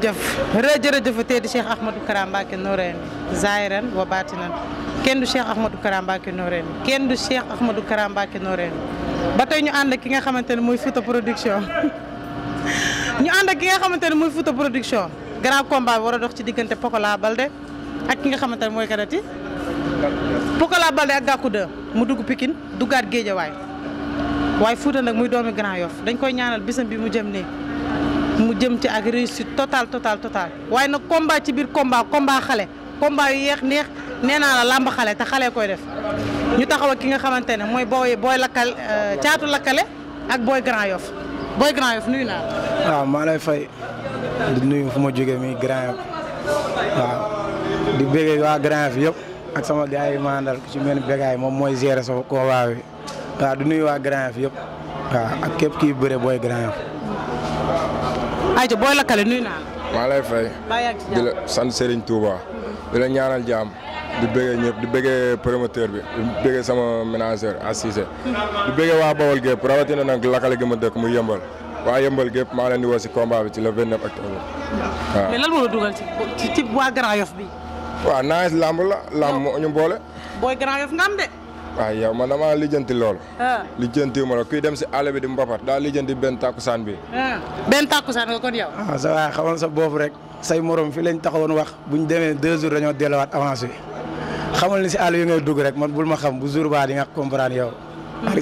jëf rëjërëjëfateedi Cheikh Ahmadou Kara Mbacké Noreyni zahiran wa batinan kenn du Cheikh Ahmadou Kara Mbacké kenn du Cheikh Ahmadou Kara Mbacké ba tey ñu ànd ak ki nga xamante ne muy Fouta production ñu ànd ak ki nga xamante ne muy Fouta production grand combat bi war a dox ci diggante Pokola Balde ak ki nga xamante ne mooy kadati Pokola Balde ak Gakou 2 mu dugg Pikine duggaat Géejawaay waaye Fouta nag muy doomi Grand Yoff dañ koy ñaanal bisam bi mu jëm nii mu jëm ci ak réussite total total waaye na combat ci biir combat combat xale combat yu neex nee naa la làmb xale te xale koy def ñu taxaw ki nga xamante ne mooy booy booy lakkal euh, caatu lakkale ak booy Grand Yoff booy Grand Yoff nuyu naa waaw maa lay fay di nuyu fu ma jógee mi Grand Yoff waaw di bëggee waa Grand Yoff yëpp ak sama gars yi ki àndal ci mel ni bégaay moom mooy gérer sa combat bi waaw di nuyu waa Grand Yoff yëpp waaw ak képp kii bëre booy Grand Yoff ayca boy la nuyu naa la. maa lay fay. di la sant Serigne Touba. di la ñaanal jaam. di bëggee ñëpp di bëggee promoteur bi di bëggee sama ménageur Assise. di bëggee wa Bawol gépp rawatina nag lakkale gi ma dëkk mu yëmbal. wa yëmbal gépp maa leen di woo si combat bi ci le 29 octobre. waaw mais lan moo la dugal ci ci waa Grand Yoff bi. waaw naa lamb la lamb ñu boole. booy Grand Yoff nga de waaw ah, yow ya, man legend lijjanti loolu. Ah. lijjanti ma la kuy dem si àll bi di mbapat daa lijjanti benn takkusaan bi. Ah. benn takkusaan nga kon yow. ah sa kawan xamal sa boobu rek say morom fi lañ taxawoon wax bu ñu demee deux jours dañoo delluwaat avancé xamal ni si àll yi ngay dugg rek man bul ma xam bu jour ba di nga comprendre yow.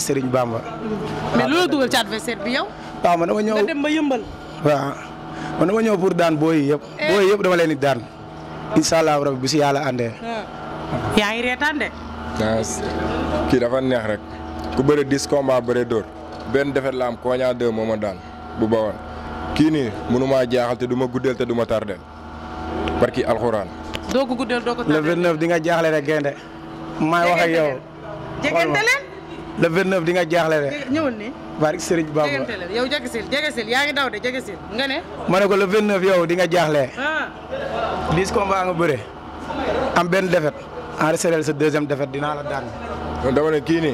Serigne Bamba. mais loolu dugal ci adversaire bi yow. waaw man dama ñëw dem ba yëmbal. waaw man dama ñëw pour daan booy yëpp. Eh. booy yëpp dama leen di allah rabbi bu si yàlla àndee. yaa ngi reetaan de ki dafa neex rek ku beure dix combat beure dor ben defet la am koña 2 moma dal bu bawal ki ni munuma jaaxal te duma guddel te duma tardel barki alxuraan. doo guddel guddeel tardel le 29 di nga jaaxle rek gende may wax ak yow. jegante leen le 29 di nga jaaxle rek. ñewul ni barki Serigne Baba jegante leen yow jegesil jegesil yaangi daw de jegesil nga ne. mané ko le 29 yow di nga jaaxle. Ah. dix combat nga beure am ben defet enregistré sa deuxième defet dinaa la daan kon dama ne ki ni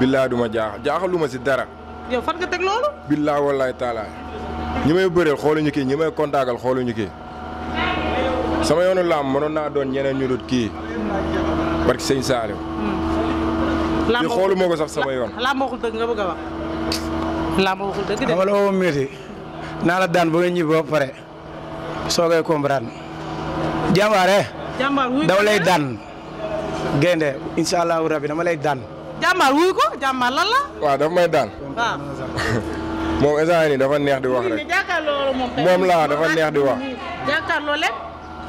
billaa duma jaax jaaxaluma ci dara. yow fan nga tek lolu billaa wallahi taala ñi may bëreel xooluñu kii ñi may kontaagal xooluñu kii sama yoonu lam mënoon naa doon ñeneen ñu dut ki barki sëñ Saliou. Hmm. làmb xolu moko sax sama yoon. lam waxul deug nga bëgg wax. lam waxul deug deug wala woo métti naa la daan bu ngeen ñibo ba pare soogay comprendre jàmbaare. Eh? jàmbaar wuy daw lay daan. gaynde incha allahu rabi dama lay daan. jàmbaar wuyu ko jàmbaar lan la. waaw dafa may daan. waaw. moom instant dafa neex di wax rek. moom laa dafa neex di wax. jàkkaarloo leen.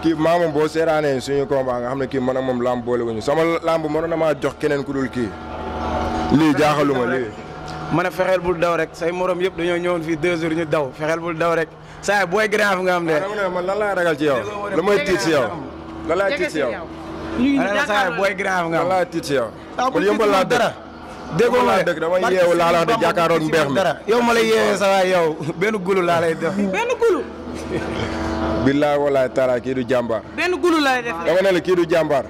kii maa boo seeraanee suñu combat baa xam na kii man na moom lamb boole ñu sama lamb mënoon na maa jox keneen ku dul kii. lii jaaxaluma lii. ma ne fexeel bul daw rek say morom yëpp dañoo ñëwoon fii deux jours ñu daw fexeel bul daw rek saa booy grand nga xam ah, ne. man lan laa ragal ci yow. lu may tiit ci yow. laa tiit ñu ngi booy grave nga wala tiit si yow. kon yëmbal laa dëkk déggoo ma dëkk dama yeewu laa la de jàkkaaroon mbeex mi yow ma lay yeewee sa waay yow benn gulu laa lay def benn gulu billaay walaay taala kii du jàmbaar benn gulu laa lay def dama ne la kii du jàmbaar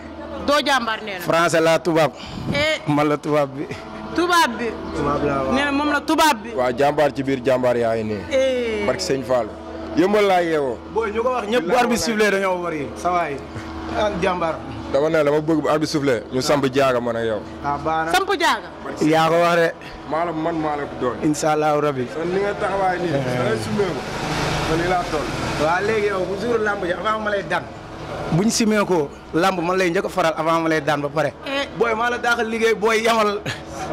doo jàmbaar nee na français laa tubaab eh. man la tubaab bi tubaab bi tubaab laa waaw nee na moom la tubaab bi waaw jàmbaar ci biir jàmbaar yaa ngi nii eh. barki sëñ Fall yëmbal laa yeewoo booy ñu ko wax ñëpp bu arbitre bi sifflé dañoo war yi sa waay an jàmbaar. dama ne dama bëgg bu arbitre soufflé ñu samp jaaga man ak yow. Ah, jaaga. yaa ko wax de. maa la man maa la ko doon. incha allahu ni nga taxawaay nii. da eh. ni laa toll. waaw léegi yow bu jour lamb ma faral avant ma daan ba pare. Eh. booy maa la daaxal liggéey booy yamal.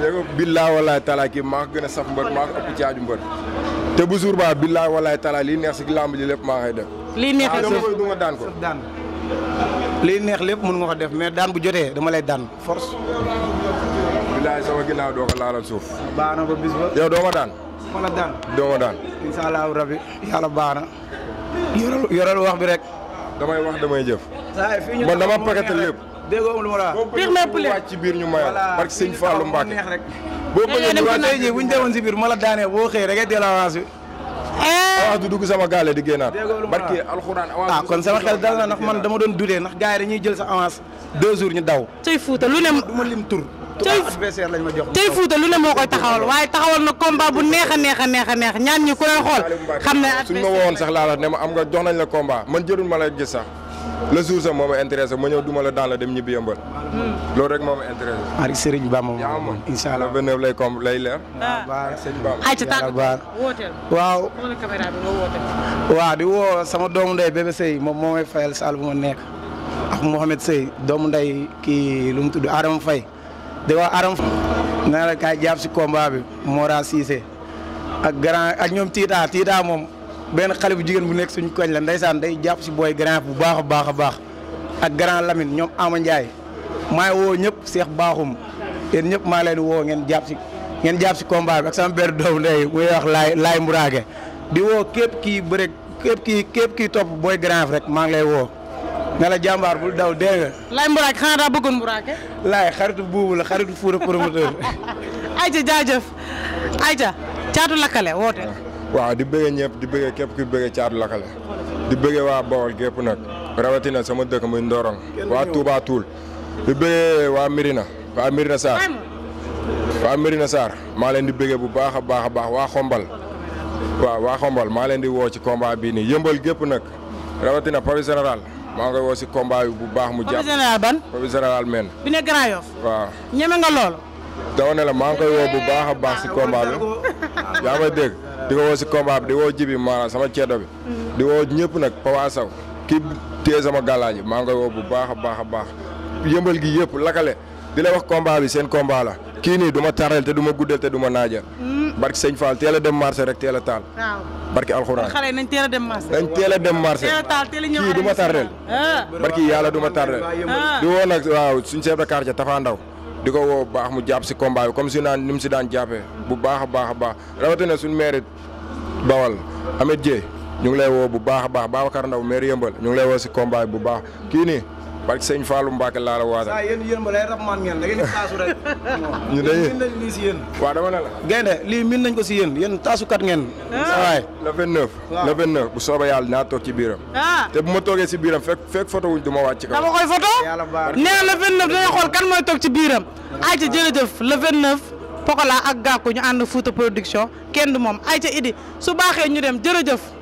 léegi billaa walaay talaa kii maa ko a saf mbër maa ko ëpp te bu jour ba billaa walaay talaa lii neex si lamb ji lépp maa ngi lii neex si ah, daan lii neex lépp mën nga ko def mais daan bu jotee dama lay daan force. bilaay sama ginnaaw doo ko laalal suuf. yow doo daan. ma la daan doo ma daan. incha allahu rabi yàlla baax na. yoral wax bi rek. damay wax damay jëf. saa fii ñu man dama paquetal lépp. déggoo lu ma la wax. boo wàcc ci biir ñu mayal. parce que sëñ Fallou Mbacke. boo bëggee ñu wàcc ci biir bu ñu demoon si biir ma la daanee boo xëyee rek ay raxas du dugg sama gaale di génnaat barki alxuraan ah, avance ah kon sama xel dal na ndax man dama doon dudee ndax gars yi dañuy jël sa avance deux jours ñu daw cay Fouta lu ne lañ ma jox tey Fouta lu ne moo koy taxawal waaye taxawal na combat bu neex a neex neex a neex ñaan ñi ku leen xool xam ne suñ ma wowoon sax laala ne ma am nga jox nañ la combat man jërul ma lay gis sax le jour sa moo ma intéressé ma la daan la dem ñibbi yëmbal. Hmm. loolu rek moo ma intéressé. Ari Serigne Ba moom incha allah le 29 lay kom lay leer. waaw ah. Serigne Ba ayca tànn wooteel. waaw wala caméra bi nga wooteel. di woo sama doomu bébé Seye moom moo may saal bu ma nekk ak Mouhamed Seye doomu kii lu tudd Adama Faye di woo Adama Faye. nee na kaay jàpp si combat bi Mora Cissé ak grand ak ñoom Tita Tita moom. benn xale bu jigéen bu nekk suñu koñ la ndeysaan day jàpp si booy grand bu baax a baax a baax ak grand Lamine ñoom Ama Ndiaye maay woo ñëpp seex baaxum yéen ñëpp maa leen woo ngeen jàpp si ngeen jàpp si combat bi ak sama benn doomu ndey muy wax laay laay di woo képp ki bëre képp kii kii topp booy grand rek maa ngi lay woo. ne la jàmbaar bul daw dégg nga. laay muraage xanaa daa bëggoon muraage. laay xaritu buubu la xaritu fuura promoteur. ayca jaajëf ayca caatu lakkale woote. waaw di bëggee ñëpp di bëggee képp ku ci caatu lakale di bëggee waa Bawol gépp nag na sama dëkk muy Ndorong waa Touba Toul di bëggee waa Mirina waa Mirina sar, waa Mirina sar. maa leen di bëggee bu baax a baax a baax waa Xombal waaw waa Xombal maa leen di woo ci combat bii nii yëmbal gépp nag na Paris Général maa ngi koy woo si combat yu bu baax mu jàpp Paris Général ban Paris Général men bi ne Grand Yoff waaw ñeme nga loolu daw la maa ngi koy woo bu baax a baax si combat bi yaa may dégg di ko woo si combat bi di woo jibi maanaam sama ceddo bi mm. di woo ñëpp nag Papa Sow kii téye sama gàllaaji maa ngi woo bu baax a baax a baax yëmbal gi yëpp lakale di la wax combat bi seen combat la kii nii duma ma te du ma guddel te du ma naajal mm. barki sëñ Fall teel a dem marché rek teel a taal barki alxuraan xale nañ teel a dem marché a dem marché kii du ma tardel ah. barki yàlla du ma tardel ah. di woo nag waaw suñ chef de quartier Tafa Ndaw di ko woo bu baax mu jàpp si combat bi comme si naan ni mu si daan jàppee bu baax a baax a baax rawatina suñu maire Bawal Amath Dieng ñu ngi lay woo bu baax a baax Babacar Ndaw maire yëmbal ñu ngi lay woo si combat bu baax kii barke sëñ Fallou Mbacke laa la waasal. waaw yéen yéen ba lay rab maan ngeen da ngeen di taasu rek. ñu lii min si nañ ko si yéen yéen taasukat ngeen. Ah. waaye le 29. waaw le 29 bu soobee yàlla naa toog ci biiram. Ah. te bu ma toogee si biiram fekk fekk photo wuñ du ma wàcc. dama koy photo nee na le 29 dina xool kan mooy toog ci biiram. ayca jërëjëf le 29. Pokola ak Gakou ñu ànd Fouta Production kenn du moom ayca Idi su baaxee ñu dem jërëjëf